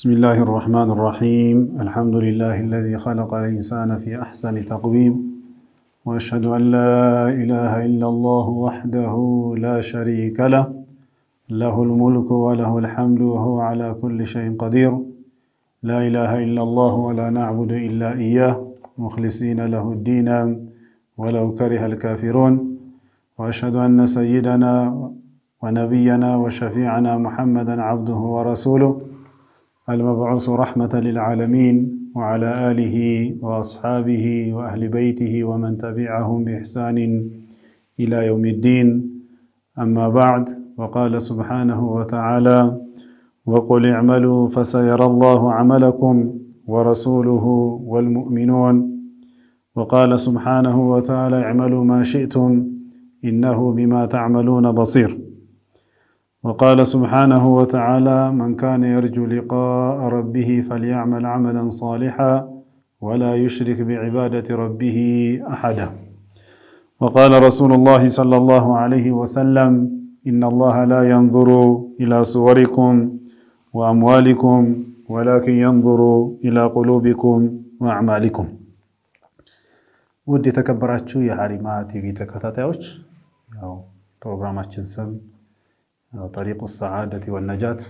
بسم الله الرحمن الرحيم الحمد لله الذي خلق الإنسان في أحسن تقويم وأشهد أن لا إله إلا الله وحده لا شريك له له الملك وله الحمد وهو على كل شيء قدير لا إله إلا الله ولا نعبد إلا إياه مخلصين له الدين ولو كره الكافرون وأشهد أن سيدنا ونبينا وشفيعنا محمدا عبده ورسوله المبعوث رحمة للعالمين وعلى آله وأصحابه وأهل بيته ومن تبعهم بإحسان إلى يوم الدين أما بعد وقال سبحانه وتعالى وقل اعملوا فسيرى الله عملكم ورسوله والمؤمنون وقال سبحانه وتعالى اعملوا ما شئتم إنه بما تعملون بصير وقال سبحانه وتعالى من كان يرجو لقاء ربه فليعمل عملا صالحا ولا يشرك بعبادة ربه أحدا وقال رسول الله صلى الله عليه وسلم إن الله لا ينظر إلى صوركم وأموالكم ولكن ينظر إلى قلوبكم وأعمالكم ودي تكبراتشو يا حريماتي في تكتاتيوش ፕሮግራማችን ስም ጠሪቁ ሰዓደት ወነጃት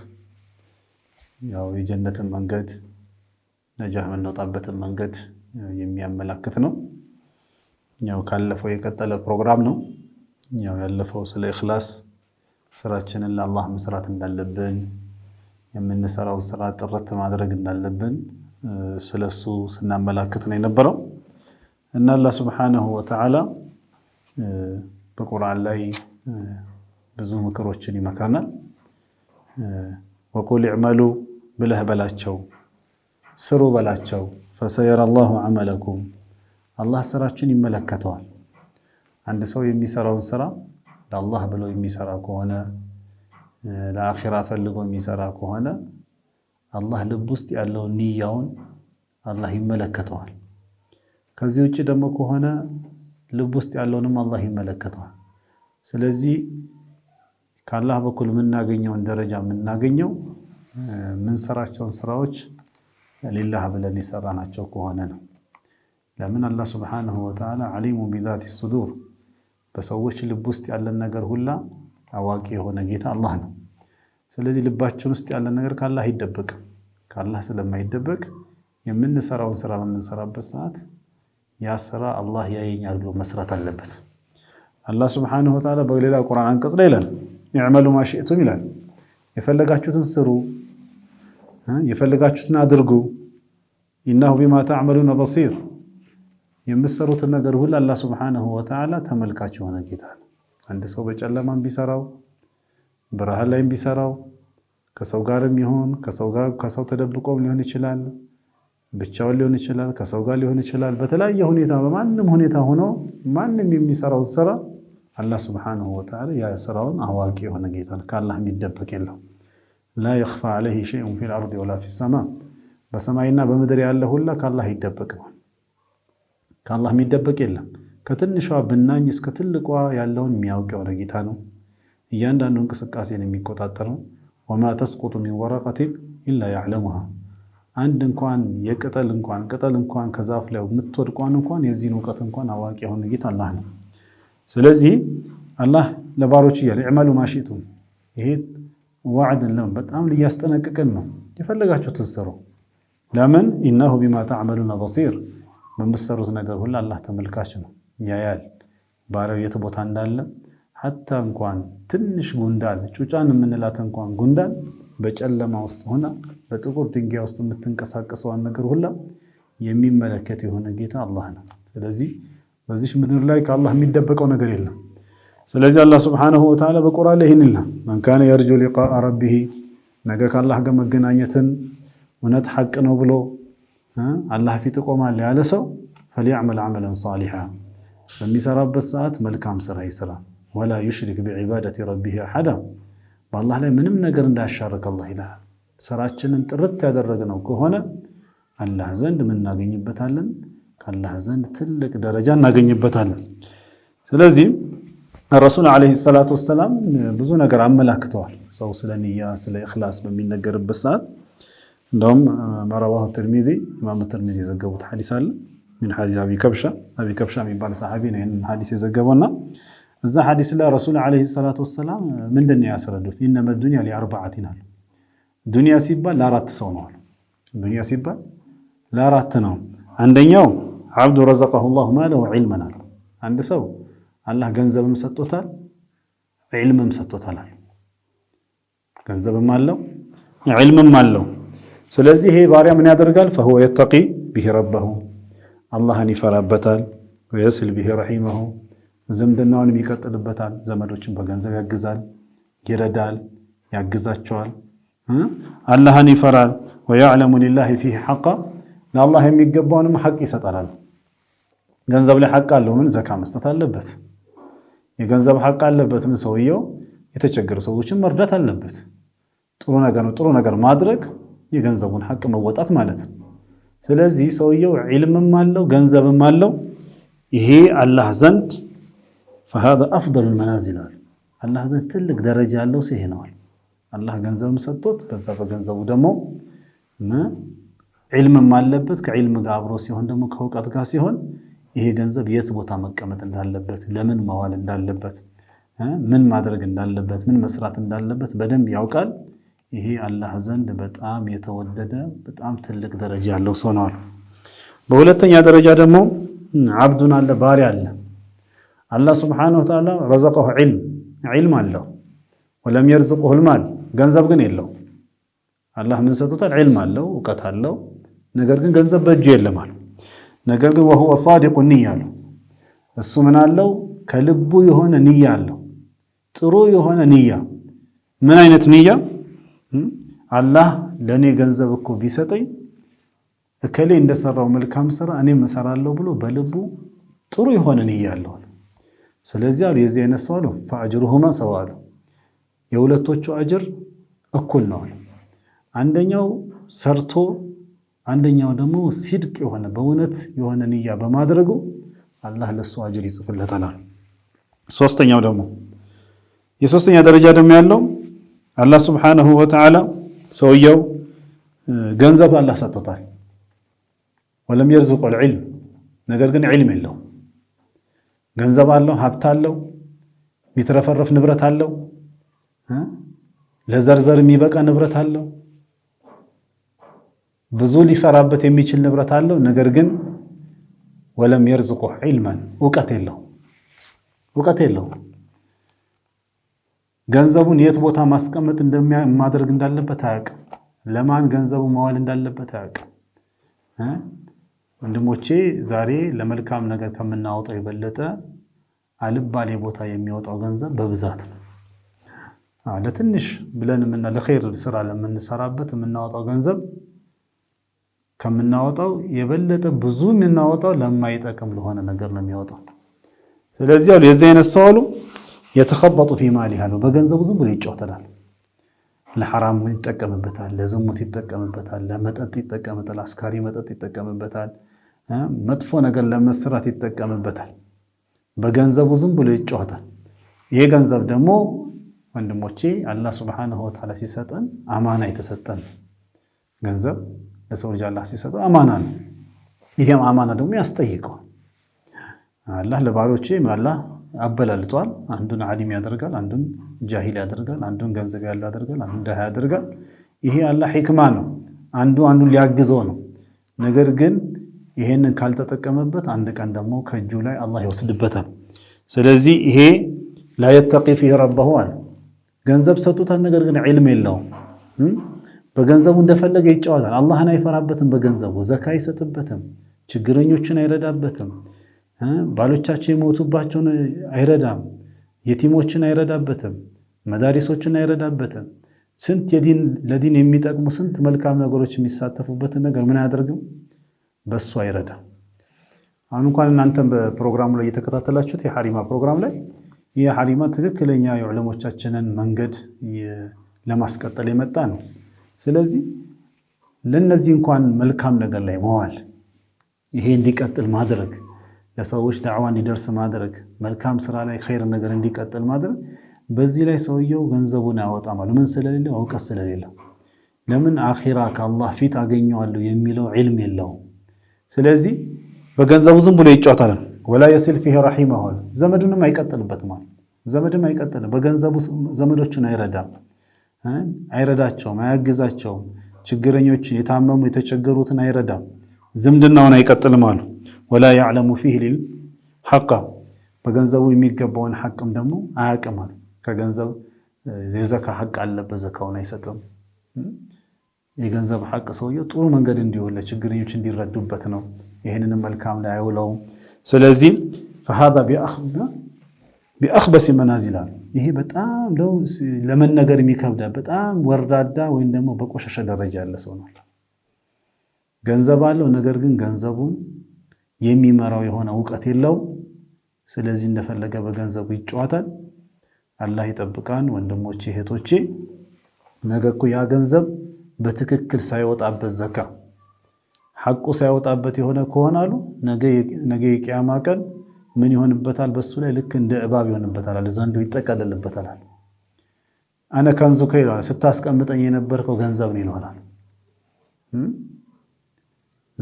ያው የጀነትን መንገድ ነጃ የምንወጣበትን መንገድ የሚያመላክት ነው። ያው ካለፈው የቀጠለ ፕሮግራም ነው። ያው ያለፈው ስለ ኢኽላስ ስራችንን ለአላህ መስራት እንዳለብን የምንሰራው ስራ ጥረት ማድረግ እንዳለብን ስለሱ ስናመላክት ነው የነበረው እና አላህ ሱብሓነሁ ወተዓላ በቁርአን ላይ ብዙ ምክሮችን ይመክረናል። ወቁል ዕመሉ ብለህ በላቸው፣ ስሩ በላቸው። ፈሰየረ አላሁ ዐመለኩም አላህ ስራችን ይመለከተዋል። አንድ ሰው የሚሰራውን ስራ ለአላህ ብሎ የሚሰራ ከሆነ ለአኺራ ፈልጎ የሚሰራ ከሆነ አላህ ልብ ውስጥ ያለውን ንያውን አላህ ይመለከተዋል። ከዚህ ውጭ ደግሞ ከሆነ ልብ ውስጥ ያለውንም አላህ ይመለከተዋል። ስለዚህ ከአላህ በኩል የምናገኘውን ደረጃ የምናገኘው የምንሰራቸውን ስራዎች ሊላህ ብለን የሰራናቸው ከሆነ ነው። ለምን አላህ ስብሓነሁ ወተዓላ ዓሊሙ ቢዛቲ ሱዱር በሰዎች ልብ ውስጥ ያለን ነገር ሁላ አዋቂ የሆነ ጌታ አላህ ነው። ስለዚህ ልባችን ውስጥ ያለን ነገር ካላህ ይደበቅ? ካላህ ስለማይደበቅ የምንሰራውን ስራ በምንሰራበት ሰዓት ያ ስራ አላህ ያየኛል ብሎ መስራት አለበት። አላህ ስብሓነሁ ወተዓላ በሌላ ቁርአን አንቀጽ ላይ ይላል ኢዕመሉ ማሽእቱም ይላል። የፈለጋችሁትን ስሩ፣ የፈለጋችሁትን አድርጉ። ኢነሁ ቢማ ተዕመሉነ በሲር የምትሰሩትን ነገር ሁሉ አላህ ሱብሓነሁ ወተዓላ ተመልካች የሆነ ጌታ ነው። አንድ ሰው በጨለማም ቢሰራው ብርሃን ላይም ቢሰራው ከሰው ጋርም ይሁን ከሰው ጋር ከሰው ተደብቆም ሊሆን ይችላል፣ ብቻውን ሊሆን ይችላል፣ ከሰው ጋር ሊሆን ይችላል። በተለያየ ሁኔታ በማንም ሁኔታ ሆኖ ማንም የሚሰራውን ስራ አላህ ስብሓነሁ ወተዓላ የስራውን አዋቂ የሆነ ጌታ ነው ከአላህ የሚደበቅ የለው። ላ የኽፋ ዓለይሂ ሸይኡን ፊል አርድ ወላ ፊ ሰማ፣ በሰማይና በምድር ያለ ሁላ ከአላህ ይደበቀዋል። ከአላህ የሚደበቅ የለም። ከትንሿ ብናኝ እስከ ትልቋ ያለውን የሚያውቅ የሆነ ጌታ ነው። እያንዳንዱ እንቅስቃሴን የሚቆጣጠረው ወማ ተስቁጡ ሚን ወረቀቲን ኢላ ያዕለሙሃ፣ አንድ እንኳን የቅጠል እንኳን ቅጠል እንኳን ከዛፍ ላይ የምትወድቋን እንኳን የዚህን እውቀት እንኳን አዋቂ የሆነ ጌታ አላህ ነው። ስለዚህ አላህ ለባሮች እያለ ዕመሉ ማሽቱም ይሄ ዋዕድን ለምን በጣም ሊያስጠነቅቅን ነው። የፈለጋችሁትን ስሩ። ለምን ኢነሁ ቢማ ተዕመሉነ በሲር በምትሰሩት ነገር ሁሉ አላህ ተመልካች ነው፣ ያያል። ባሪያው የት ቦታ እንዳለ ሐታ እንኳን ትንሽ ጉንዳን ጩጫን የምንላት እንኳን ጉንዳን በጨለማ ውስጥ ሆና በጥቁር ድንጋይ ውስጥ የምትንቀሳቀሰዋን ነገር ሁላ የሚመለከት የሆነ ጌታ አላህ ነው። ስለዚህ በዚህ ምድር ላይ ከአላህ የሚደበቀው ነገር የለም። ስለዚህ አላህ ስብሓነሁ ወተዓላ በቁርአን ላይ ይህን ይላል፣ መን ካነ የርጁ ሊቃአ ረቢሂ ነገ ከአላህ ጋር መገናኘትን እውነት ሐቅ ነው ብሎ አላህ ፊት እቆማል ያለ ሰው ፈሊያዕመል ዓመለን ሳሊሓ በሚሰራበት ሰዓት መልካም ስራ ይስራ። ወላ ዩሽሪክ ቢዒባደቲ ረቢሂ አሓዳ በአላህ ላይ ምንም ነገር እንዳያሻርክ አላህ ይላል። ስራችንን ጥርት ያደረግነው ከሆነ አላህ ዘንድ እናገኝበታለን። ከአላህ ዘንድ ትልቅ ደረጃ እናገኝበታለን። ስለዚህም ረሱል ዓለይሂ ሰላቱ ወሰላም ብዙ ነገር አመላክተዋል። ሰው ስለ ንያ ስለ ኢኽላስ በሚነገርበት ሰዓት እንደውም መረዋሁ ትርሚዚ ኢማም ትርሚዚ የዘገቡት ሐዲስ አለ ሚን ሐዲስ አቢ ከብሻ። አቢ ከብሻ የሚባል ሰሐቢ ነው ይህንን ሐዲስ የዘገበውና እዛ ሐዲስ ላይ ረሱል ዓለይሂ ሰላቱ ወሰላም ምንድን ነው ያስረዱት? ኢነመ ዱንያ ሊአርባዓቲን አሉ። ዱንያ ሲባል ለአራት ሰው ነው አሉ። ዱንያ ሲባል ለአራት ነው። አንደኛው አብዱ ረዘቀሁ ላሁ ማለሁ ዒልመን አለ። አንድ ሰው አላህ ገንዘብም ሰጥቶታል ዒልምም ሰጥቶታል አለ። ገንዘብም አለው ዒልምም አለው። ስለዚህ ይሄ ባሪያ ምን ያደርጋል? ፈሁወ የተቂ ብሂ ረበሁ አላህን ይፈራበታል። ወየስል ብሂ ረሒመሁ ዝምድናውንም ይቀጥልበታል። ዘመዶችን በገንዘብ ያግዛል፣ ይረዳል፣ ያግዛቸዋል። አላህን ይፈራል። ወያዕለሙ ሊላሂ ፊሂ ሐቃ ለአላህ የሚገባውንም ሐቅ ይሰጣል። ገንዘብ ላይ ሐቅ አለው። ምን ዘካ መስጠት አለበት። የገንዘብ ሐቅ አለበት። ምን ሰውየው የተቸገሩ ሰዎችን መርዳት አለበት። ጥሩ ነገር ጥሩ ነገር ማድረግ የገንዘቡን ሐቅ መወጣት ማለት ነው። ስለዚህ ሰውየው ዒልምም አለው ገንዘብም አለው። ይሄ አላህ ዘንድ ፈሃዛ አፍደሉል መናዚል ይለዋል። አላህ ዘንድ ትልቅ ደረጃ ያለው ሲሄ ነዋል። አላህ ገንዘብም ሰጥቶት በዛ በገንዘቡ ደግሞ ዒልምም አለበት። ከዒልም ጋር አብሮ ሲሆን ደግሞ ከእውቀት ጋር ሲሆን ይሄ ገንዘብ የት ቦታ መቀመጥ እንዳለበት፣ ለምን መዋል እንዳለበት፣ ምን ማድረግ እንዳለበት፣ ምን መስራት እንዳለበት በደንብ ያውቃል። ይሄ አላህ ዘንድ በጣም የተወደደ በጣም ትልቅ ደረጃ ያለው ሰው ነው አሉ። በሁለተኛ ደረጃ ደግሞ አብዱን አለ ባሪያ አለ። አላህ ስብሓነሁ ወተዓላ ረዘቀሁ ዒልም ዒልም አለው። ወለም የርዝቁ ልማል ገንዘብ ግን የለው። አላህ ምን ሰጡታል? ዒልም አለው እውቀት አለው። ነገር ግን ገንዘብ በእጁ የለም አሉ ነገር ግን ወሁወ ሳዲቁ ንያ አለው። እሱ ምን አለው? ከልቡ የሆነ ንያ አለው። ጥሩ የሆነ ንያ። ምን አይነት ንያ? አላህ ለእኔ ገንዘብ እኮ ቢሰጠኝ እከሌ እንደሰራው መልካም ስራ እኔም እሰራለሁ ብሎ በልቡ ጥሩ የሆነ ንያ አለው። ስለዚህ አሉ የዚህ አይነት ሰው አሉ ፈአጅሩሁማ ሰው አሉ የሁለቶቹ አጅር እኩል ነው። አንደኛው ሰርቶ አንደኛው ደግሞ ሲድቅ የሆነ በእውነት የሆነ ንያ በማድረጉ አላህ ለሱ አጅር ይጽፍለታል። ሶስተኛው ደግሞ የሶስተኛ ደረጃ ደግሞ ያለው አላህ ሱብሓነሁ ወተዓላ ሰውየው ገንዘብ አላህ ሰጥቶታል። ወለም የርዙቁል ዒልም ነገር ግን ዒልም የለው ገንዘብ አለው፣ ሀብት አለው፣ የሚትረፈረፍ ንብረት አለው፣ ለዘርዘር የሚበቃ ንብረት አለው ብዙ ሊሰራበት የሚችል ንብረት አለው። ነገር ግን ወለም የርዝቁ ዒልመን እውቀት የለው እውቀት የለው። ገንዘቡን የት ቦታ ማስቀመጥ እንደማደርግ እንዳለበት አያውቅም። ለማን ገንዘቡ መዋል እንዳለበት አያውቅም። ወንድሞቼ ዛሬ ለመልካም ነገር ከምናወጣው የበለጠ አልባሌ ቦታ የሚወጣው ገንዘብ በብዛት ነው። ለትንሽ ብለን ለኸይር ስራ ለምንሰራበት የምናወጣው ገንዘብ ከምናወጣው የበለጠ ብዙ የምናወጣው ለማይጠቅም ለሆነ ነገር ነው የሚያወጣው ስለዚህ አሉ የዚህ አይነት ሰው አሉ የተኸበጡ ፊ ማሊ አሉ በገንዘቡ ዝም ብሎ ይጫወታል። ለሐራም ይጠቀምበታል፣ ለዝሙት ይጠቀምበታል፣ ለመጠጥ ይጠቀምበታል፣ አስካሪ መጠጥ ይጠቀምበታል፣ መጥፎ ነገር ለመስራት ይጠቀምበታል። በገንዘቡ ዝም ብሎ ይጫወታል። ይሄ ገንዘብ ደግሞ ወንድሞቼ አላህ ሱብሓነሁ ወተዓላ ሲሰጠን አማና የተሰጠን ገንዘብ ለሰው ልጅ አላህ ሲሰጠው አማና ነው። ይሄም አማና ደግሞ ያስጠይቀዋል። አላህ ለባሪዎቼ አላህ አበላልጧል። አንዱን ዓሊም ያደርጋል፣ አንዱን ጃሂል ያደርጋል፣ አንዱን ገንዘብ ያለው ያደርጋል፣ አንዱን ድሃ ያደርጋል። ይሄ አላህ ሂክማ ነው። አንዱ አንዱን ሊያግዘው ነው። ነገር ግን ይሄንን ካልተጠቀመበት አንድ ቀን ደግሞ ከእጁ ላይ አላህ ይወስድበታል። ስለዚህ ይሄ ላየተቂ ፊህ ረበሁ አለ። ገንዘብ ሰጡታል፣ ነገር ግን ዒልም የለውም በገንዘቡ እንደፈለገ ይጫወታል። አላህን አይፈራበትም። በገንዘቡ ዘካ አይሰጥበትም። ችግረኞችን አይረዳበትም። ባሎቻቸው የሞቱባቸውን አይረዳም። የቲሞችን አይረዳበትም። መዳሪሶችን አይረዳበትም። ስንት ለዲን የሚጠቅሙ ስንት መልካም ነገሮች የሚሳተፉበትን ነገር ምን አያደርግም? በሱ አይረዳም። አሁን እንኳን እናንተም በፕሮግራሙ ላይ እየተከታተላችሁት የሐሪማ ፕሮግራም ላይ ይህ ሐሪማ ትክክለኛ የዑለሞቻችንን መንገድ ለማስቀጠል የመጣ ነው። ስለዚህ ለነዚህ እንኳን መልካም ነገር ላይ መዋል ይሄ እንዲቀጥል ማድረግ ለሰዎች ዳዕዋ እንዲደርስ ማድረግ መልካም ስራ ላይ ኸይር ነገር እንዲቀጥል ማድረግ። በዚህ ላይ ሰውየው ገንዘቡን ያወጣማ ለምን ስለሌለው? እውቀት ስለሌለው። ለምን አኺራ ከአላህ ፊት አገኘዋለሁ የሚለው ዒልም የለውም። ስለዚህ በገንዘቡ ዝም ብሎ ይጫወታል። ወላ የሲል ፊህ ረሒመሁ ዘመድንም አይቀጥልበትም፣ ዘመድም አይቀጥልም። በገንዘቡ ዘመዶቹን አይረዳም። አይረዳቸውም፣ አያግዛቸውም። ችግረኞችን፣ የታመሙ የተቸገሩትን አይረዳም። ዝምድናውን አይቀጥልም አሉ። ወላ ያዕለሙ ፊህ ሊል ሐቃ በገንዘቡ የሚገባውን ሐቅም ደግሞ አያቅም አሉ። ከገንዘብ የዘካ ሐቅ አለበት፣ ዘካውን አይሰጥም። የገንዘብ ሐቅ ሰውየው ጥሩ መንገድ እንዲውል ችግረኞች እንዲረዱበት ነው። ይህንንም መልካም ላይ አይውለውም። ስለዚህ ፈሃዳ ቢአኽና ቢአክበሲ መናዚላ ይሄ በጣም ደው ለመነገር የሚከብዳ በጣም ወርዳዳ ወይም ደግሞ በቆሻሻ ደረጃ ያለ ሰው ነው። ገንዘብ አለው፣ ነገር ግን ገንዘቡን የሚመራው የሆነ እውቀት የለው። ስለዚህ እንደፈለገ በገንዘቡ ይጫወታል። አላህ ይጠብቃን ወንድሞቼ እህቶቼ። ነገ እኮ ያ ገንዘብ በትክክል ሳይወጣበት ዘካ ሐቁ ሳይወጣበት የሆነ ከሆናሉ ነገ የቅያማ ቀን ምን ይሆንበታል? በሱ ላይ ልክ እንደ እባብ ይሆንበታል፣ ዘንዶ ይጠቀልልበታል። አነ ከንዙከ ይለዋል፣ ስታስቀምጠኝ የነበርከው ገንዘብ ነው ይለዋል።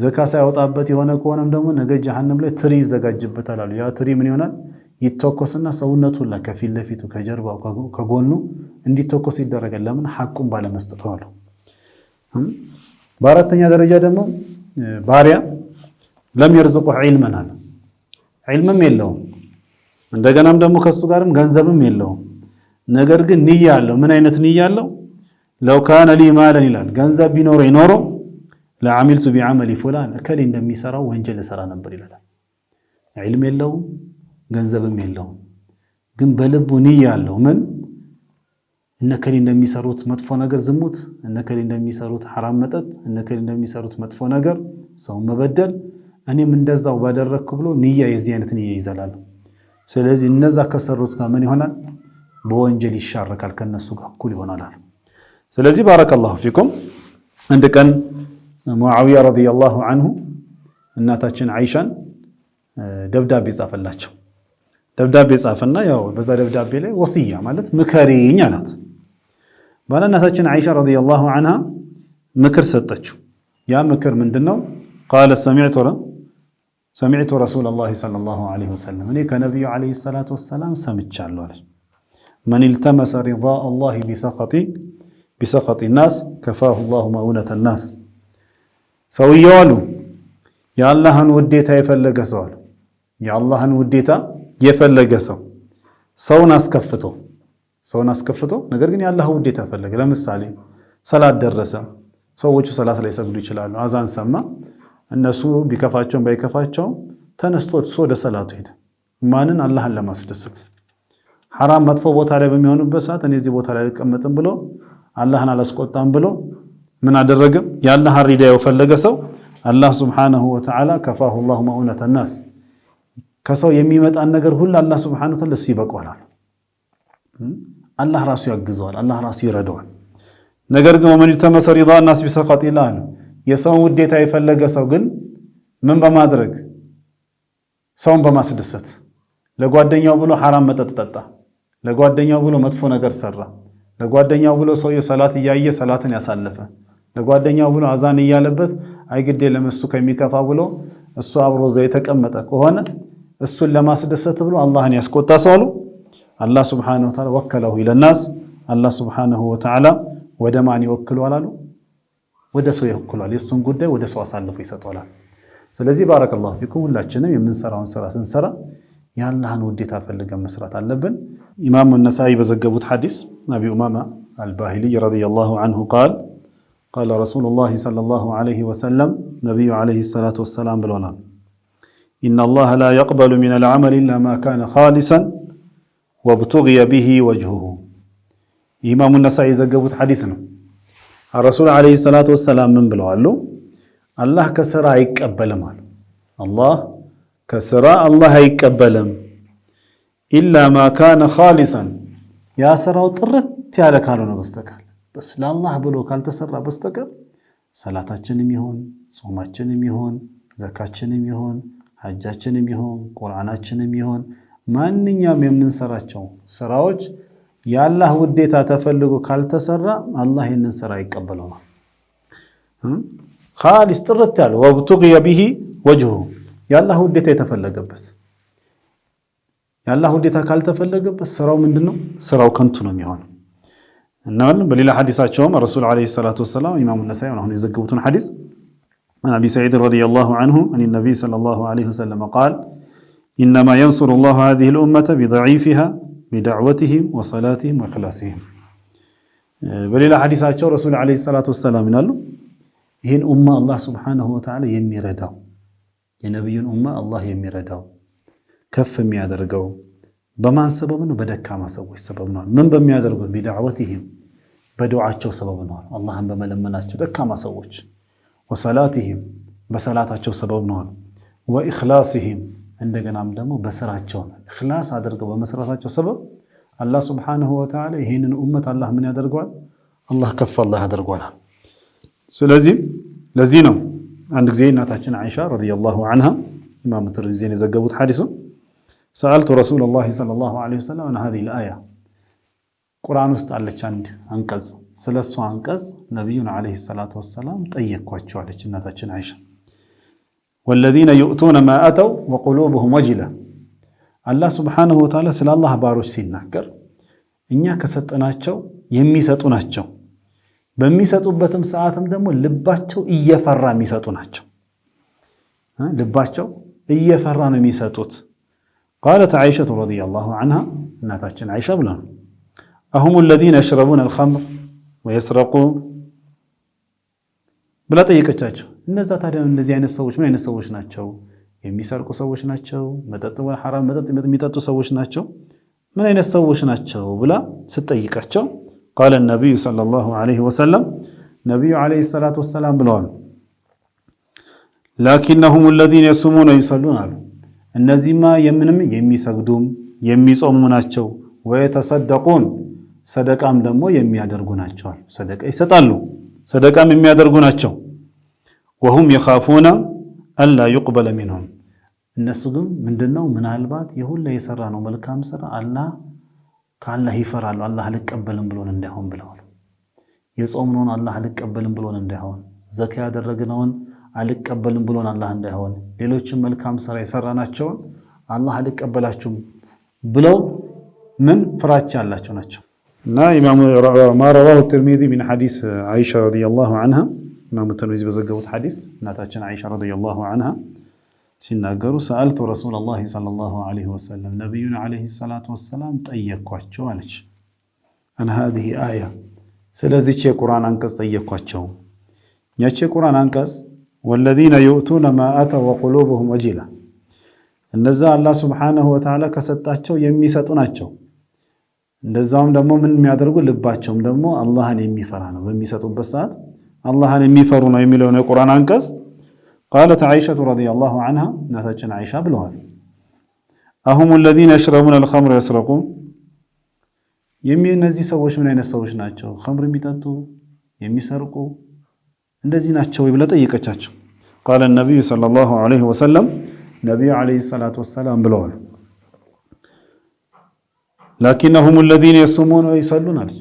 ዘካ ሳያወጣበት የሆነ ከሆነም ደግሞ ነገ ጀሃንም ላይ ትሪ ይዘጋጅበታል አሉ። ያ ትሪ ምን ይሆናል? ይተኮስና ሰውነቱ ሁላ ከፊት ለፊቱ ከጀርባው ከጎኑ እንዲተኮስ ይደረጋል። ለምን? ሐቁን ባለመስጠቱ አሉ። በአራተኛ ደረጃ ደግሞ ባሪያ ለም የርዝቁ ዒልመን አለ ዕልምም የለውም። እንደገናም ደግሞ ከሱ ጋርም ገንዘብም የለውም። ነገር ግን ንያ አለው። ምን አይነት ንያ አለው? ለው ካነ ሊ ማለን ይላል። ገንዘብ ቢኖረ ይኖሮ ለአሚልቱ ቢዓመሊ ፉላን እከሌ እንደሚሰራው ወንጀል እሰራ ነበር ይላል። ዕልም የለውም፣ ገንዘብም የለውም። ግን በልቡ ንያ አለው። ምን እነከሌ እንደሚሰሩት መጥፎ ነገር ዝሙት፣ እነከሌ እንደሚሰሩት ሐራም መጠጥ፣ እነከሌ እንደሚሰሩት መጥፎ ነገር ሰውን መበደል እኔም እንደዛው ባደረግኩ ብሎ ንያ የዚህ አይነት ንያ ይዘላሉ። ስለዚህ እነዛ ከሰሩት ጋር ምን ይሆናል? በወንጀል ይሻረካል፣ ከነሱ ጋር እኩል ይሆናል። ስለዚህ ባረከላሁ ፊኩም። አንድ ቀን ሙዓዊያ ረዲየላሁ አንሁ እናታችን አይሻን ደብዳቤ ጻፈላቸው። ደብዳቤ ጻፈና ያው በዛ ደብዳቤ ላይ ወስያ ማለት ምከሪኝ አላት። ባለ እናታችን አይሻ ረዲየላሁ አንሃ ምክር ሰጠችው። ያ ምክር ምንድነው? ቃለ ሰሚዕቱ ሰሚዕቱ ረሱለላሂ ሰለላሁ ዐለይሂ ወሰለም እኔ ከነቢዩ ዐለይሂ ሰላቱ ወሰላም ሰምቻለሁ አለች። መን ኢልተመሰ ሪዳአ ላሂ ቢሰኸጢ ናስ ከፋሁ ላሁ መኡነተ ናስ። ሰውየው አሉ የአላህን ውዴታ የፈለገ ሰው አሉ የአላህን ውዴታ የፈለገ ሰው ሰውን አስከፍቶ ሰውን አስከፍቶ ነገር ግን የአላህን ውዴታ ፈለገ። ለምሳሌ ሰላት ደረሰ፣ ሰዎቹ ሰላት ላይ ሰግዱ ይችላሉ። አዛን ሰማ እነሱ ቢከፋቸውም ባይከፋቸውም ተነስቶ እሱ ወደ ሰላቱ ሄደ። ማንን? አላህን ለማስደሰት ሐራም መጥፎ ቦታ ላይ በሚሆንበት ሰዓት እኔ እዚህ ቦታ ላይ አልቀመጥም ብሎ አላህን አላስቆጣም ብሎ ምን አደረገ? የአላህን ሪዳ የፈለገ ሰው አላህ ስብሓነሁ ወተዓላ ከፋሁ ላሁ መዑነተ ናስ ከሰው የሚመጣን ነገር ሁሉ አላህ ስብሓነሁ ወተዓላ ለሱ ይበቀዋል። አላህ ራሱ ያግዘዋል። አላህ ራሱ ይረዳዋል። ነገር ግን ወመን ተመሰ ሪዳ ናስ ቢሰቀጢላ የሰውን ውዴታ የፈለገ ሰው ግን ምን በማድረግ ሰውን በማስደሰት ለጓደኛው ብሎ ሐራም መጠጥ ጠጣ፣ ለጓደኛው ብሎ መጥፎ ነገር ሰራ፣ ለጓደኛው ብሎ ሰውየው ሰላት እያየ ሰላትን ያሳለፈ፣ ለጓደኛው ብሎ አዛን እያለበት አይግዴ ለምሱ ከሚከፋ ብሎ እሱ አብሮ እዛ የተቀመጠ ከሆነ እሱን ለማስደሰት ብሎ አላህን ያስቆጣ ሰው አሉ አላህ ሱብሓነሁ ወተዓላ ወከለሁ ኢለናስ አላህ ሱብሓነሁ ወተዓላ ወደ ማን ይወክለዋል አሉ ወደ ሰው ይወክሏል። የእሱን ጉዳይ ወደ ሰው አሳልፎ ይሰጠዋል። ስለዚህ ባረከላሁ ፊኩም ሁላችንም የምንሰራውን ስራ ስንሰራ የአላህን ውዴታ ፈልገን መስራት አለብን። ኢማም ነሳኢ በዘገቡት ሐዲስ አቢ ኡማማ አልባህሊይ ረዲየላሁ አንሁ ቃል ቃለ ረሱሉላሂ ሰለላሁ ዐለይሂ ወሰለም ነቢዩ ዐለይሂ ሰላቱ ወሰላም ብሎናል፣ ኢነላህ ላ የቅበሉ ሚነል ዐመል ኢላ ማ ካነ ኻሊሰን ወብቱጊየ ቢሂ ወጅሁሁ። ኢማሙ ነሳኢ የዘገቡት ሐዲስ ነው። ረሱል ዓለይሂ ሰላቱ ወሰላም ምን ብለዋሉ? አላህ ከስራ አይቀበልም አሉ። አላህ ከስራ አላህ አይቀበልም፣ ኢላ ማ ካነ ኻሊሰን ያ ስራው ጥርት ያለ ካልሆነ በስተቀር በስ ለአላህ ብሎ ካልተሰራ በስተቀር ሰላታችንም ይሆን ጾማችንም ይሆን ዘካችንም ይሆን ሐጃችንም ይሆን ቁርአናችንም ይሆን ማንኛውም የምንሰራቸው ስራዎች የአላህ ውዴታ ተፈልጎ ካልተሰራ አላህ ይህንን ስራ ይቀበለዋል። ካሊስ ጥርት ያለ ወብቱግየ ቢሂ ወጅሁ የአላህ ውዴታ የተፈለገበት የአላህ ውዴታ ካልተፈለገበት ስራው ምንድን ነው? ስራው ከንቱ ነው የሚሆነው። እና በሌላ ሐዲሳቸውም ረሱል ዓለይሂ ሰላቱ ወሰላም ኢማሙ ነሳኢ አሁን የዘገቡትን ሐዲስ አን አቢ سعيد رضي አንሁ عنه عن النبي صلى الله عليه وسلم قال إنما ينصر الله هذه ቢዳዕወትህም ወሰላትህም ወእኽላስህም። በሌላ ሐዲሳቸው ረሱል ዓለይሂ ሰላቱ ወሰላም ይላሉ ይህን ኡማ አላህ ሱብሓነሁ ወተዓላ የሚረዳው የነቢዩን ኡማ አላህ የሚረዳው ከፍ የሚያደርገው በማን ሰበብ ነው? በደካማ ሰዎች ሰበብ ነው። ምን በሚያደርጉት ቢዳዕወትህም፣ በዱዓቸው ሰበብ ነው። አላህን በመለመናቸው ደካማ ሰዎች ወሰላትህም፣ በሰላታቸው ሰበብ ነው። ወኢኽላስህም እንደገናም ደግሞ በስራቸውን እክላስ አድርገው በመስራታቸው ሰበብ አላህ ስብሓነሁ ወተዓላ ይህንን ኡመት አላህ ምን ያደርገዋል? አላህ ከፍ አላህ ያደርገዋል። ስለዚህ ለዚህ ነው አንድ ጊዜ እናታችን አይሻ ረዲየላሁ አንሃ ኢማም ትርሚዚን የዘገቡት ሐዲስ ሰአልቱ ረሱለላህ ሰለላሁ ዐለይሂ ወሰለም አን ሃዚሂል አያ ቁርአን ውስጥ አለች አንድ አንቀጽ፣ ስለሷ አንቀጽ ነቢዩን ዐለይሂ ሰላቱ ወሰላም ጠየኳቸዋለች እናታችን አይሻ ወለዚነ ዩእቱነ ማ አተው ወቁሉብሁም ወጅላ አላህ ስብሓንሁ ወተዓላ ስለ አላህ ባሮች ሲናገር እኛ ከሰጠናቸው የሚሰጡ ናቸው። በሚሰጡበትም ሰዓትም ደግሞ ልባቸው እየፈራ የሚሰጡ ናቸው። ልባቸው እየፈራ ነው የሚሰጡት። ቃለት ዓይሸቱ ረዲየላሁ አንሃ እናታችን ዓይሻ ብለናል፣ አሁሙ አለዚነ የሽረቡነ አልኸምር ወየስረቁን ብላ ጠየቀቻቸው። እነዛ ታዲያ እንደዚህ አይነት ሰዎች ምን አይነት ሰዎች ናቸው? የሚሰርቁ ሰዎች ናቸው፣ መጠጥ ሐራም መጠጥ የሚጠጡ ሰዎች ናቸው፣ ምን አይነት ሰዎች ናቸው ብላ ስትጠይቃቸው ቃለ ነቢዩ ሰለላሁ ዐለይሂ ወሰለም ነቢዩ ዐለይሂ ሰላቱ ወሰላም ብለዋል ላኪነሁም ለዚነ የሱሙነ ወዩሰሉን አሉ። እነዚህማ የምንም የሚሰግዱም የሚጾሙ ናቸው። ወየተሰደቁን ሰደቃም ደግሞ የሚያደርጉ ናቸዋል። ሰደቃ ይሰጣሉ፣ ሰደቃም የሚያደርጉ ናቸው። ወሁም የኻፉነ አላ ዩቅበለ ሚንሁም እነሱ ግን ምንድነው ምናልባት የሁላ የሰራ ነው መልካም ስራ አላህ ከአላህ ይፈራሉ አላህ አልቀበልም ብሎን እንዳይሆን ብለዋል። የጾምነውን አላህ አልቀበልም ብሎን እንዳይሆን፣ ዘካ ያደረግነውን አልቀበልም ብሎን አላህ እንዳይሆን፣ ሌሎችም መልካም ስራ የሰራናቸውን አላህ አልቀበላችሁም ብለው ምን ፍራቻ ያላቸው ናቸው እና ማ ረዋሁ ትርሚዚ ሚን ሐዲስ አይሻ ረዲየላሁ አንሃ ኢማሙ ተርሚዚ በዘገቡት ሐዲስ እናታችን አይሻ ረዲየላሁ አንሃ ሲናገሩ ሰአልቱ ረሱለላሂ ሰለላሁ ዐለይሂ ወሰለም ነቢዩን ዐለይሂ ሰላቱ ወሰላም ጠየኳቸው አለች። አን ሃዚህ አያ ስለዚች የቁርአን አንቀጽ ጠየኳቸው። ያቺ የቁርአን አንቀጽ ወለዚነ ዩእቱነ ማ አተው ወቁሉብሁም ወጂላ፣ እነዛ አላህ ሱብሓነሁ ወተዓላ ከሰጣቸው የሚሰጡ ናቸው። እንደዛውም ደግሞ ምን የሚያደርጉ ልባቸውም ደግሞ አላህን የሚፈራ ነው በሚሰጡበት ሰዓት አላህን የሚፈሩ ነው የሚለውን የቁርአን አንቀጽ ቃለት አይሻቱ ረዲየላሁ አንሃ እናታችን አይሻ ብለዋል። አሁሙ ለዚነ የሽረቡን አልኸምር የስረቁን እነዚህ ሰዎች ምን አይነት ሰዎች ናቸው? ኸምር የሚጠጡ የሚሰርቁ እንደዚህ ናቸው ብላ ጠየቀቻቸው። ቃለ ነቢዩ ሰለላሁ ዐለይሂ ወሰለም ነቢዩ ዐለይሂ ሰላቱ ወሰላም ብለዋል ላኪነሁም ለዚነ የሱሙን ወይሰሉን አለች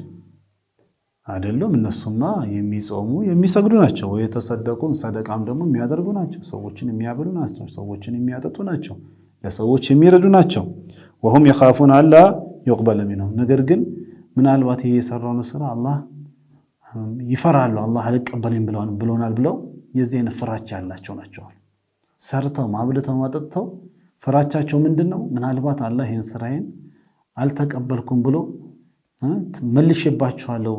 አይደሉም። እነሱማ የሚጾሙ የሚሰግዱ ናቸው። ወይ የተሰደቁም ሰደቃም ደግሞ የሚያደርጉ ናቸው። ሰዎችን የሚያበሉ ናቸው። ሰዎችን የሚያጠጡ ናቸው። ለሰዎች የሚረዱ ናቸው። ወሁም የኻፉን አላ ይቅበለ ሚንሁም ነገር ግን ምናልባት ይሄ የሰራውን ስራ አላህ ይፈራሉ። አላህ አልቀበልም ብሎናል ብለው የዚህ አይነት ፍራቻ ያላቸው ናቸዋል። ሰርተው ማብልተው ማጠጥተው ፍራቻቸው ምንድን ነው? ምናልባት አላህ ይህን ስራዬን አልተቀበልኩም ብሎ መልሼባችኋለሁ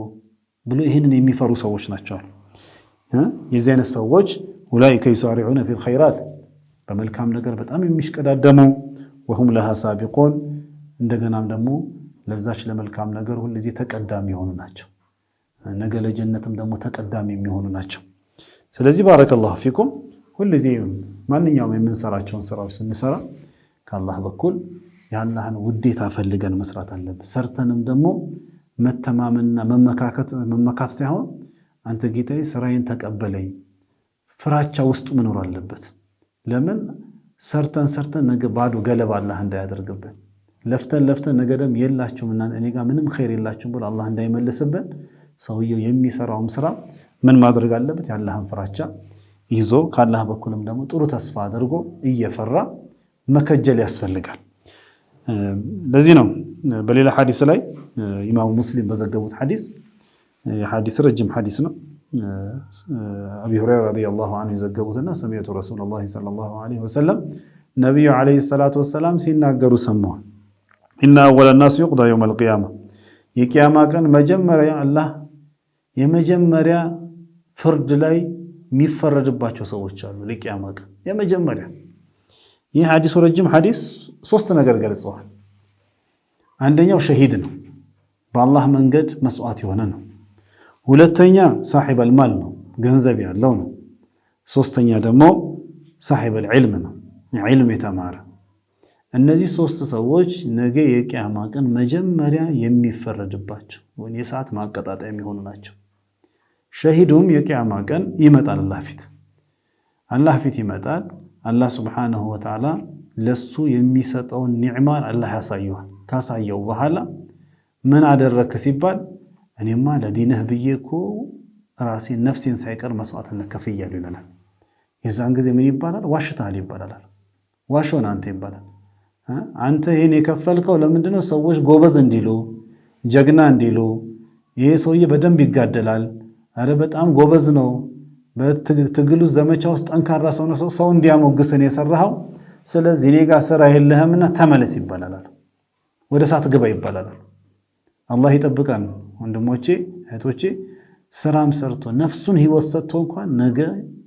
ብሎ ይህንን የሚፈሩ ሰዎች ናቸው። የዚህ አይነት ሰዎች ኡላኢከ ዩሳሪዑነ ፊል ኸይራት በመልካም ነገር በጣም የሚሽቀዳደሙ ወሁም ለሃ ሳቢቆን እንደገናም ደግሞ ለዛች ለመልካም ነገር ሁልጊዜ ተቀዳሚ የሆኑ ናቸው። ነገ ለጀነትም ደግሞ ተቀዳሚ የሚሆኑ ናቸው። ስለዚህ ባረከላሁ ፊኩም ሁልጊዜ ማንኛውም የምንሰራቸውን ስራዎች ስንሰራ ከአላህ በኩል የአላህን ውዴታ ፈልገን መስራት አለብን። ሰርተንም ደግሞ መተማመንና መመካከት መመካት ሳይሆን አንተ ጌታዬ ስራዬን ተቀበለኝ፣ ፍራቻ ውስጡ መኖር አለበት። ለምን ሰርተን ሰርተን ነገ ባዶ ገለባ አላህ እንዳያደርግብን፣ ለፍተን ለፍተን ነገ ደም የላችሁም እና እኔ ጋር ምንም ኸይር የላችሁም ብሎ አላህ እንዳይመልስብን ሰውየው የሚሰራውም ስራ ምን ማድረግ አለበት? የአላህን ፍራቻ ይዞ ከአላህ በኩልም ደግሞ ጥሩ ተስፋ አድርጎ እየፈራ መከጀል ያስፈልጋል። ለዚህ ነው በሌላ ሐዲስ ላይ ኢማሙ ሙስሊም በዘገቡት ሐዲስ የሐዲስ ረጅም ሐዲስ ነው። አቢ ሁረይራ ረዲየላሁ ዐንሁ የዘገቡትና ሰሚዐቱ ረሱለላሂ ሰለላሁ ዐለይሂ ወሰለም ነቢዩ ዐለይሂ ሰላቱ ወሰላም ሲናገሩ ሰማው ኢና አወለ ናስ ዩቅዳ የውመል አልቂያማ የቅያማ ቀን መጀመሪያ አላህ የመጀመሪያ ፍርድ ላይ የሚፈረድባቸው ሰዎች አሉ። ለቅያማ ቀን የመጀመሪያ ይህ ሐዲሱ ረጅም ሐዲስ ሶስት ነገር ገልጸዋል። አንደኛው ሸሂድ ነው፣ በአላህ መንገድ መስዋዕት የሆነ ነው። ሁለተኛ ሳሒብ አልማል ነው፣ ገንዘብ ያለው ነው። ሶስተኛ ደግሞ ሳሒብ አልዕልም ነው፣ ዕልም የተማረ። እነዚህ ሶስት ሰዎች ነገ የቅያማ ቀን መጀመሪያ የሚፈረድባቸው ወይ የሰዓት ማቀጣጠያ የሚሆኑ ናቸው። ሸሂዱም የቅያማ ቀን ይመጣል አላህ ፊት አላህ ፊት ይመጣል። አላህ ስብሓነሁ ወተዓላ ለሱ የሚሰጠውን ኒዕማን አላህ ያሳየዋል። ካሳየው በኋላ ምን አደረክ ሲባል እኔማ ለዲንህ ብዬ እኮ ራሴን ነፍሴን ሳይቀር መስዋዕትነት ከፍያለሁ ይለናል። የዛን ጊዜ ምን ይባላል? ዋሽታል ይባላል። ዋሾን አንተ ይባላል። አንተ ይህን የከፈልከው ለምንድነው? ሰዎች ጎበዝ እንዲሉ ጀግና እንዲሉ ይሄ ሰውዬ በደንብ ይጋደላል፣ አረ በጣም ጎበዝ ነው በትግሉ ዘመቻ ውስጥ ጠንካራ ሰው ነው፣ ሰው እንዲያሞግስን የሰራኸው። ስለዚህ እኔ ጋር ስራ የለህምና ተመለስ ይባላል፣ ወደ እሳት ግባ ይባላል። አላህ ይጠብቀን ወንድሞቼ እህቶቼ። ስራም ሰርቶ ነፍሱን ህይወት ሰጥቶ እንኳን ነገ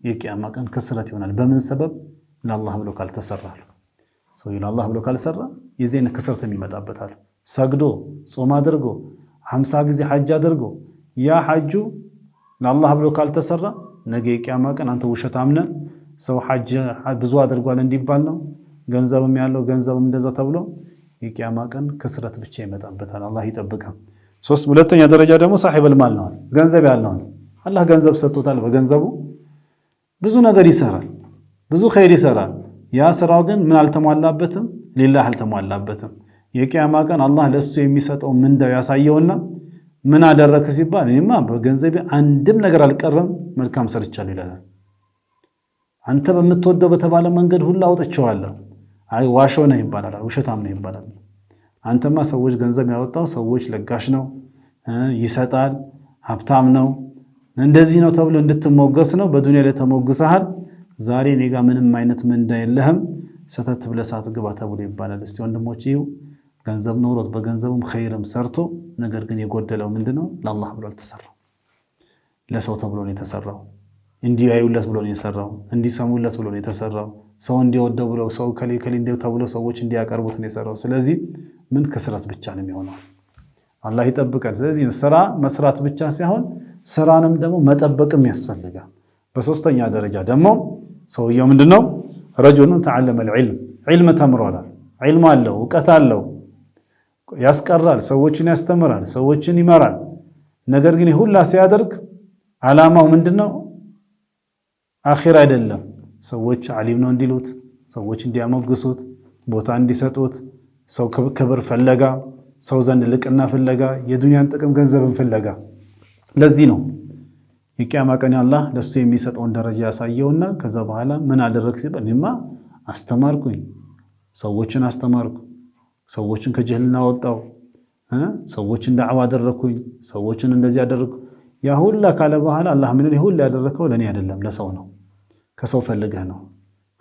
የቂያማ ቀን ክስረት ይሆናል። በምን ሰበብ? ለአላህ ብሎ ካልተሰራ ሰው ለአላህ ብሎ ካልሰራ የዜን ክስረት የሚመጣበታል። ሰግዶ ጾም አድርጎ ሀምሳ ጊዜ ሐጅ አድርጎ ያ ሐጁ ለአላህ ብሎ ካልተሰራ ነገ የቂያማ ቀን አንተ ውሸት አምነ ሰው ሐጅ ብዙ አድርጓል እንዲባል ነው። ገንዘብም ያለው ገንዘብም እንደዛ ተብሎ የቂያማ ቀን ክስረት ብቻ ይመጣበታል። አላህ ይጠብቀን። ሶስት ሁለተኛ ደረጃ ደግሞ ሳሒበል ማል ነዋል፣ ገንዘብ ያለው አላህ ገንዘብ ሰጥቶታል። በገንዘቡ ብዙ ነገር ይሰራል፣ ብዙ ኸይር ይሰራል። ያ ስራው ግን ምን አልተሟላበትም፣ ሊላህ አልተሟላበትም። የቂያማ ቀን አላህ ለእሱ የሚሰጠው ምንዳው ያሳየውና ምን አደረክ ሲባል እኔማ በገንዘቤ አንድም ነገር አልቀረም መልካም ሰርቻለሁ ይላል። አንተ በምትወደው በተባለ መንገድ ሁሉ አውጥቼዋለሁ። አይ ዋሾ ነህ ይባላል፣ ውሸታም ነህ ይባላል። አንተማ ሰዎች ገንዘብ ያወጣው ሰዎች ለጋሽ ነው፣ ይሰጣል፣ ሀብታም ነው፣ እንደዚህ ነው ተብሎ እንድትሞገስ ነው። በዱንያ ላይ ተሞግሰሃል። ዛሬ እኔ ጋ ምንም አይነት ምንዳ የለህም። ሰተት ብለህ ግባ ተብሎ ይባላል። እስቲ ወንድሞች ገንዘብ ኖሮት በገንዘቡም ኸይርም ሰርቶ ነገር ግን የጎደለው ምንድነው? ለአላህ ብሎ አልተሰራው። ለሰው ተብሎ ነው የተሰራው። እንዲያዩለት ብሎ ነው የሰራው። እንዲሰሙለት ብሎ ነው የተሰራው። ሰው እንዲወደው ብለው ሰው ከሌ ከሌ እንዲው ተብሎ ሰዎች እንዲያቀርቡት ነው የሰራው። ስለዚህ ምን ክስረት ብቻ ነው የሚሆነው። አላህ ይጠብቀን። ስለዚህ ስራ መስራት ብቻ ሳይሆን ስራንም ደግሞ መጠበቅም ያስፈልጋል። በሶስተኛ ደረጃ ደግሞ ሰውየው ምንድነው? ረጁሉን ተዓለመል ዒልም ዒልም ተምሯላል። ዒልም አለው እውቀት አለው ያስቀራል፣ ሰዎችን ያስተምራል፣ ሰዎችን ይመራል። ነገር ግን ሁላ ሲያደርግ ዓላማው ምንድን ነው? አኺር አይደለም። ሰዎች ዓሊም ነው እንዲሉት፣ ሰዎች እንዲያሞግሱት፣ ቦታ እንዲሰጡት፣ ሰው ክብር ፍለጋ፣ ሰው ዘንድ ልቅና ፍለጋ፣ የዱንያን ጥቅም ገንዘብን ፍለጋ። ለዚህ ነው የቂያማ ቀን አላህ ለሱ የሚሰጠውን ደረጃ ያሳየውና ከዛ በኋላ ምን አደረግ ሲባል እኔማ አስተማርኩኝ፣ ሰዎችን አስተማርኩ ሰዎችን ከጅህልና ሰዎች ሰዎችን ዳዕዋ አደረግኩኝ፣ ሰዎችን እንደዚህ አደረግኩ። ያ ሁላ ካለ በኋላ አላህ ምንን ሁላ ያደረግከው ለእኔ አይደለም ለሰው ነው። ከሰው ፈልገህ ነው።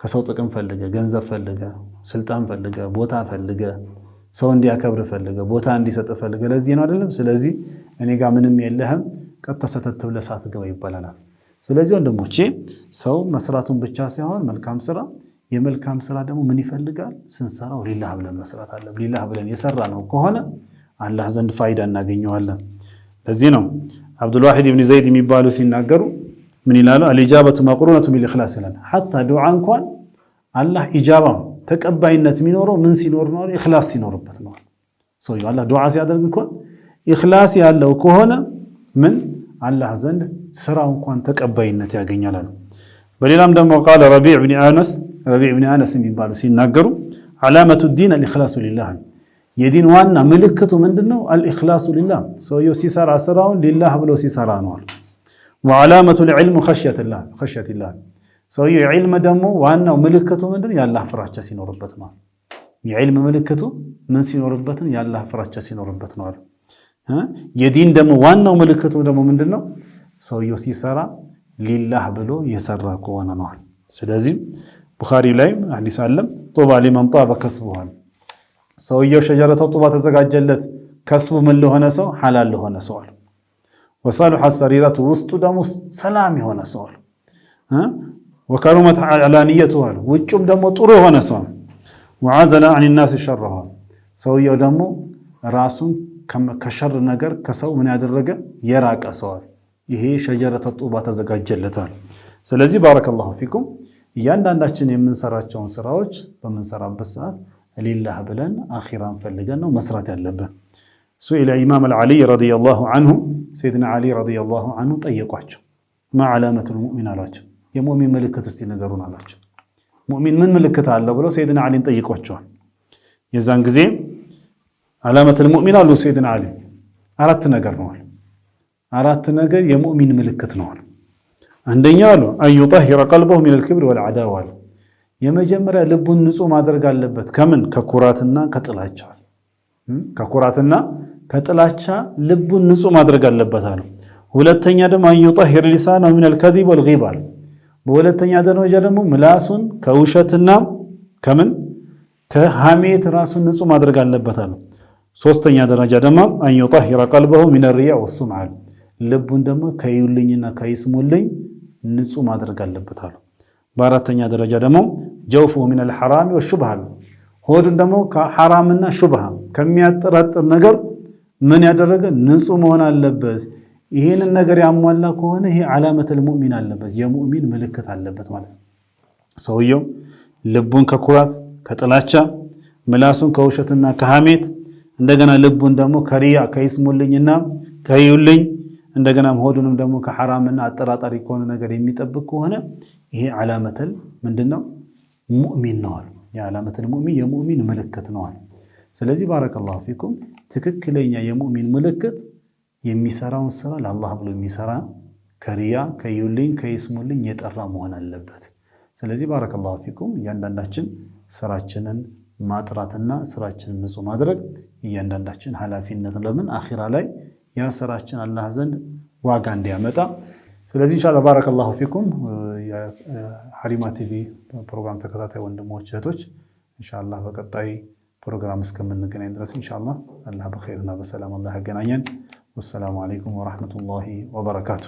ከሰው ጥቅም ፈልገ፣ ገንዘብ ፈልገ፣ ስልጣን ፈልገ፣ ቦታ ፈልገ፣ ሰው እንዲያከብር ፈልገ፣ ቦታ እንዲሰጥ ፈልገ። ለዚህ ነው አይደለም። ስለዚህ እኔ ጋር ምንም የለህም፣ ቀጥታ ሰተት ብለህ እሳት ይባላል። ስለዚህ ወንድሞቼ ሰው መስራቱን ብቻ ሳይሆን መልካም ስራ የመልካም ስራ ደግሞ ምን ይፈልጋል? ስንሰራው ሊላህ ብለን መስራት አለብን። ሊላህ ብለን የሰራ ነው ከሆነ አላህ ዘንድ ፋይዳ እናገኘዋለን። ለዚህ ነው አብዱልዋሂድ ብን ዘይድ የሚባሉ ሲናገሩ ምን ይላሉ? አልኢጃበቱ መቅሩነቱ ቢልኢኽላስ ይላል። ሐታ ዱዓ እንኳን አላህ ኢጃባ ተቀባይነት የሚኖረው ምን ሲኖር ነው? ኢኽላስ ሲኖርበት ነው። ሰውየው አላህ ዱዓ ሲያደርግ እንኳን ኢኽላስ ያለው ከሆነ ምን አላህ ዘንድ ስራው እንኳን ተቀባይነት ያገኛል አሉ። በሌላም ደግሞ ቃለ ረቢዕ ብኒ አነስ ረቢዕ ብኒ አነስ የሚባሉ ሲናገሩ ዓላመቱ ዲን አልኢኽላሱ ሊላህ የዲን ዋና ምልክቱ ምንድን ነው? አልኢኽላሱ ሊላህ ሰውየው ሲሰራ ስራውን ሊላህ ብሎ ሲሰራ ነዋል። ወዓላመቱ ልዕልሙ ኸሽየትላህ ሰውየው የዕልም ደግሞ ዋናው ምልክቱ ምንድን የአላህ ፍራቻ ሲኖርበት ነዋል። የዕልም ምልክቱ ምን ሲኖርበትን የአላህ ፍራቻ ሲኖርበት ነዋል። የዲን ደግሞ ዋናው ምልክቱ ደግሞ ምንድን ነው? ሰውየው ሲሰራ ሊላህ ብሎ የሰራ ከሆነ ነዋል። ስለዚህም ቡኻሪ ላይም ሐዲስ አለም ጦባ ሊመን ጣበ ከስቡሃል፣ ሰውየው ሸጀረተው ጦባ ተዘጋጀለት። ከስቡ ምን ለሆነ ሰው? ሐላል ለሆነ ሰው አሉ። ወሳሉሐ ሰሪረቱ ውስጡ ደግሞ ሰላም የሆነ ሰው አሉ። ወከሩመት ዕላንየቱ አሉ። ውጩም ደግሞ ጥሩ የሆነ ሰው ነው። ወዓዘለ አን ናስ ሰውየው ደግሞ ራሱን ከሸር ነገር ከሰው ምን ያደረገ የራቀ ሰዋል። ይሄ ሸጀረተ ጡባ ተዘጋጀለታል። ስለዚህ ባረከላሁ ፊኩም እያንዳንዳችን የምንሰራቸውን ስራዎች በምንሰራበት ሰዓት ሊላህ ብለን አኺራን ፈልገን ነው መስራት ያለብን። ሱኢለ ኢማም አልዓሊ ረዲየላሁ አንሁ ሰይድና ዓሊ ረዲየላሁ አንሁ ጠየቋቸው። ማ ዓላመቱል ሙእሚን አሏቸው። የሙእሚን ምልክት እስቲ ነገሩን አሏቸው። ሙእሚን ምን ምልክት አለው ብለው ሰይድና ዓሊን ጠይቋቸዋል። የዛን ጊዜ ዓላመቱል ሙእሚን አሉ ሰይድና ዓሊ አራት ነገር ነዋል አራት ነገር የሙእሚን ምልክት ነው አሉ። አንደኛ አሉ አንዩጠሂረ ቀልበሁ ሚነል ክብር ወል የመጀመሪያ ልቡን ንጹህ ማድረግ አለበት ከምን ከኩራትና ከጥላቻ ከኩራትና ከጥላቻ ልቡን ንጹህ ማድረግ አለበት አሉ። ሁለተኛ ደግሞ አንዩጠሂር ሊሳነሁ ሚነል ከዚብ ወል ጊባ አሉ። በሁለተኛ ደረጃ ደግሞ ምላሱን ከውሸትና ከምን ከሐሜት ራሱን ንጹህ ማድረግ አለበት አሉ። ሶስተኛ ደረጃ ደግሞ አንዩጠሂረ ቀልበሁ ሚነ ሪያ ወሱምዓ አሉ። ልቡን ደግሞ ከዩልኝና ከይስሙልኝ ንጹህ ማድረግ አለበት አሉ። በአራተኛ ደረጃ ደግሞ ጀውፉ ሚነል ሐራሚ ወሹብሃ፣ ሆዱን ደግሞ ከሐራምና ሹብሃ ከሚያጠራጥር ነገር ምን ያደረገ ንጹህ መሆን አለበት። ይህንን ነገር ያሟላ ከሆነ ይሄ ዓላመተል ሙእሚን አለበት የሙእሚን ምልክት አለበት ማለት ነው። ሰውየው ልቡን ከኩራት ከጥላቻ፣ ምላሱን ከውሸትና ከሐሜት እንደገና ልቡን ደግሞ ከሪያ ከይስሙልኝና ከዩልኝ። እንደገናም ሆዱንም ደግሞ ከሐራምና አጠራጣሪ ከሆነ ነገር የሚጠብቅ ከሆነ ይሄ ዓላመተል ምንድን ነው? ሙእሚን ነዋል። የዓላመተል ሙእሚን የሙእሚን ምልክት ነዋል። ስለዚህ ባረከላሁ ፊኩም ትክክለኛ የሙእሚን ምልክት የሚሰራውን ስራ ለአላህ ብሎ የሚሰራ ከሪያ ከዩልኝ ከይስሙልኝ የጠራ መሆን አለበት። ስለዚህ ባረከላሁ ፊኩም እያንዳንዳችን ስራችንን ማጥራትና ስራችንን ንጹህ ማድረግ እያንዳንዳችን ኃላፊነት ለምን አኺራ ላይ ያ ስራችን አላህ ዘንድ ዋጋ እንዲያመጣ። ስለዚህ እንሻላ ባረከላሁ ፊኩም የሀሊማ ቲቪ ፕሮግራም ተከታታይ ወንድሞች እህቶች፣ ኢንሻአላህ በቀጣይ ፕሮግራም እስከምንገናኝ ድረስ ኢንሻአላህ አላህ በኸይርና በሰላም አላህ ያገናኘን። ወሰላሙ አለይኩም ወራህመቱላሂ ወበረካቱ።